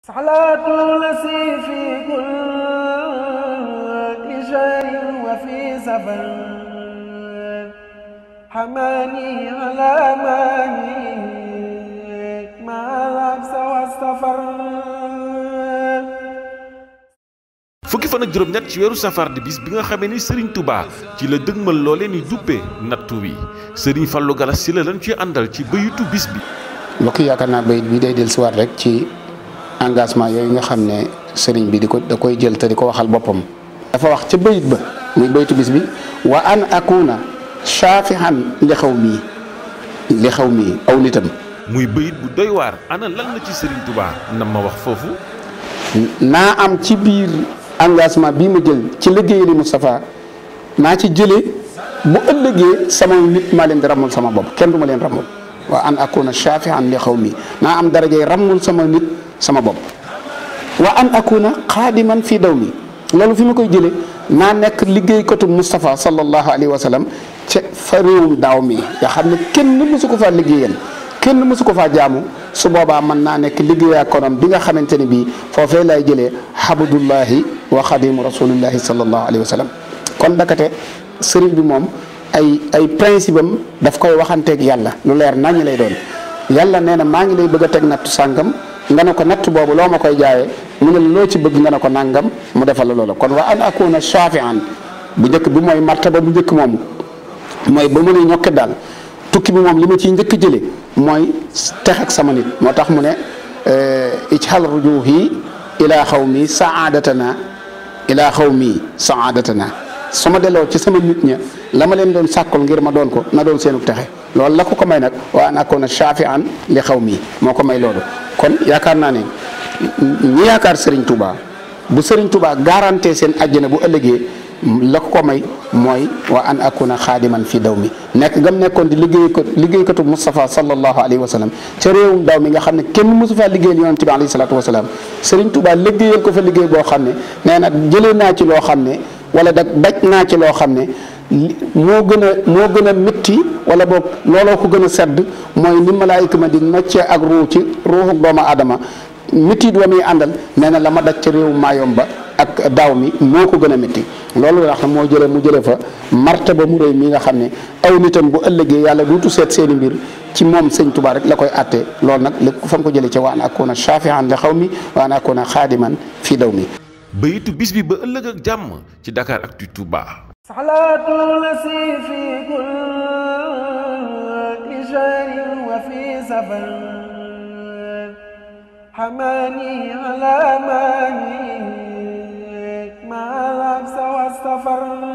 صلاة لسي في كل fukki fan ak juróom ñett ci weeru safar di bis bi nga xamee ni Serigne Touba ci la dëgmal loolee ni duppe nattu wi Serigne Fallou Galass si la lan ci àndal ci bëyitu bis bi. mbokk yaakaar naa bayit bi day suwaat rek ci. engagement yoy nga xamné sëriñ bi diko da koy jël te diko waxal bopam dafa wax ci bayit ba muy baytu bis bi wa an akuna shafihan li xawmi li xawmi aw nitam muy bayit bu doy war ana lan la ci sëriñ Touba na ma wax fofu na am ci bir engagement bi ma jël ci liggéey li mustafa na ci jële bu ëllëgé sama nit ma leen di ramul sama bop kenn duma leen ramul wa an akuna shaafihan li xaw na am darajay ramul sama nit sama bopp wa an akuna xaadiman fii daw mi loolu fi ma koy jëlee naa nekk liggéeykatu Moustapha sallallahu alayhi wa sallam ca fa réewum daaw mi nga xam ne kenn mësu ko faa liggéeyal kenn mësu ko faa jaamu su boobaa mën naa nekk liggéeyaa konam bi nga xamante ne bii foofee lay jëlee habudullahi wa xadimu rasulillahi sallallahu alayhi wa sallam kon dakate sëriñ bi moom ay ay principe am daf koy waxanteeg yàlla lu leer nañu lay doon yàlla nee na maa ngi lay bëgg a teg nattu sàngam nga ne ko natt boobu loo ma koy jaaye mu ne loo ci bëgg nga ne ko nangam mu defal la loola kon wa an akuna shafian bu njëkk bi mooy martaba bu njëkk moomu mooy ba mën a ñokke daal tukki bi moom li ma ciy njëkk jële mooy tex sama nit moo tax mu ne eh, ijhal rujuhi ilaa xawmi saadatana ilaa xawmi saadatana su ma delloo ci sama nit ña la ma leen doon sàkkul ngir ma doon ko na seenu texe loolu la ko ko may nag wa an akuna shafian li xawmi moo ko may loolu kon yaakaar naa ne ñi yaakaar sëriñ Touba bu sëriñ Touba garanté seen àjjana bu ëllëgee la ko may mooy wa an akuna xaadiman fi daw mi nekk gam nekkoon di liggéey ko liggéeykatu Moustapha sallallahu alayhi wa sallam ca réewum daw mi nga xam ne kenn mosu faa liggéeyal yonente bi alayhi salaatu wa salaam Serigne Touba ko fa liggéey boo xam ne nee na jëlee naa ci loo xam ne wala da daj naa ci loo xam ne moo gën a moo gën a metti wala boog looloo ko gën a sedd mooy ni malaayika ma di noccee ak ruu ci ruuxu doomu aadama méttiit wa muy àndal nee na la ma daj ca réew maayom ba ak daaw mi moo ko gën a métti loolu wax moo jëlee mu jëlee fa ba mu réy mi nga xam ne aw nitam bu ëllëgee yàlla duutu seet seeni mbir ci moom sëñ Tuubaa rek la koy àtte lool nag li fa mu ko jëlee ca waan ak koona shaafihan li xaw mi waan ak koona xaadiman fii daw mi bayitu bis bi ba ëllëg ak jàmm ci Dakar ak Touba شهر وفي سفر حماني على ماني مع لبس والسفر